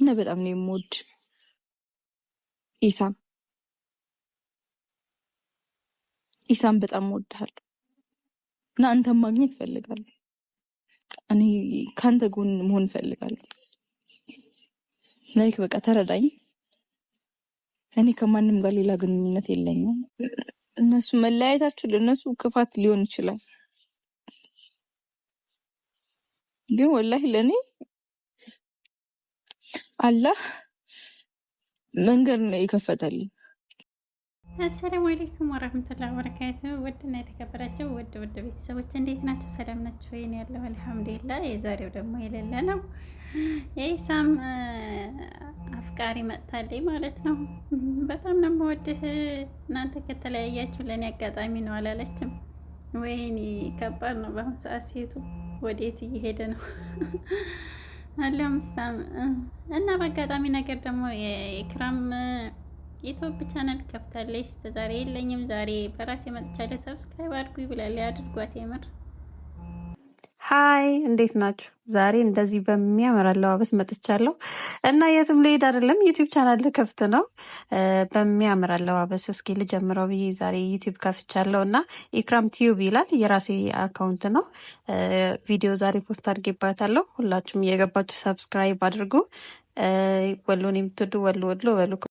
እና በጣም ነው የምወድ ኢሳም ኢሳም በጣም እወድሃለሁ እና አንተን ማግኘት እፈልጋለሁ። እኔ ከአንተ ጎን መሆን እፈልጋለሁ። ላይክ በቃ ተረዳኝ። እኔ ከማንም ጋር ሌላ ግንኙነት የለኝም። እነሱ መለያየታችሁ ለእነሱ ክፋት ሊሆን ይችላል፣ ግን ወላሂ ለእኔ አላህ መንገድ ነው የከፈተልን። አሰላሙ አለይኩም ወረህመቱላሂ ወበረካቱ። ውድና የተከበራቸው ውድ ውድ ቤተሰቦች እንዴት ናቸው? ሰላም ናቸው ወይ? ያለው አልሐምዱሊላህ። የዛሬው ደግሞ የሌለ ነው። የኢሳም አፍቃሪ መጥታለች ማለት ነው። በጣም ነው የምወድህ፣ እናንተ ከተለያያችሁ ለእኔ አጋጣሚ ነው አላለችም። ወይኔ ከባድ ነው። በአሁን ሰዓት ሴቱ ወዴት እየሄደ ነው? አለምስታም እና በአጋጣሚ ነገር ደግሞ የክራም ዩቲዩብ ቻናል ከፍታለች። ተዛሬ የለኝም ዛሬ በራሴ መጥቻለሁ ሰብስክራይብ አድርጉ ይብላል አድርጓት የምር ሀይ እንዴት ናችሁ? ዛሬ እንደዚህ በሚያምር አለባበስ መጥቻለሁ እና የትም ልሄድ አይደለም፣ ዩቲብ ቻናል ልከፍት ነው። በሚያምር አለባበስ እስኪ ልጀምረው ብዬ ዛሬ ዩቲብ ከፍቻለሁ እና ኢክራም ቲዩብ ይላል የራሴ አካውንት ነው። ቪዲዮ ዛሬ ፖስት አድርጌባታለሁ። ሁላችሁም እየገባችሁ ሰብስክራይብ አድርጉ። ወሎን የምትወዱ ወሎ ወሎ በሉ።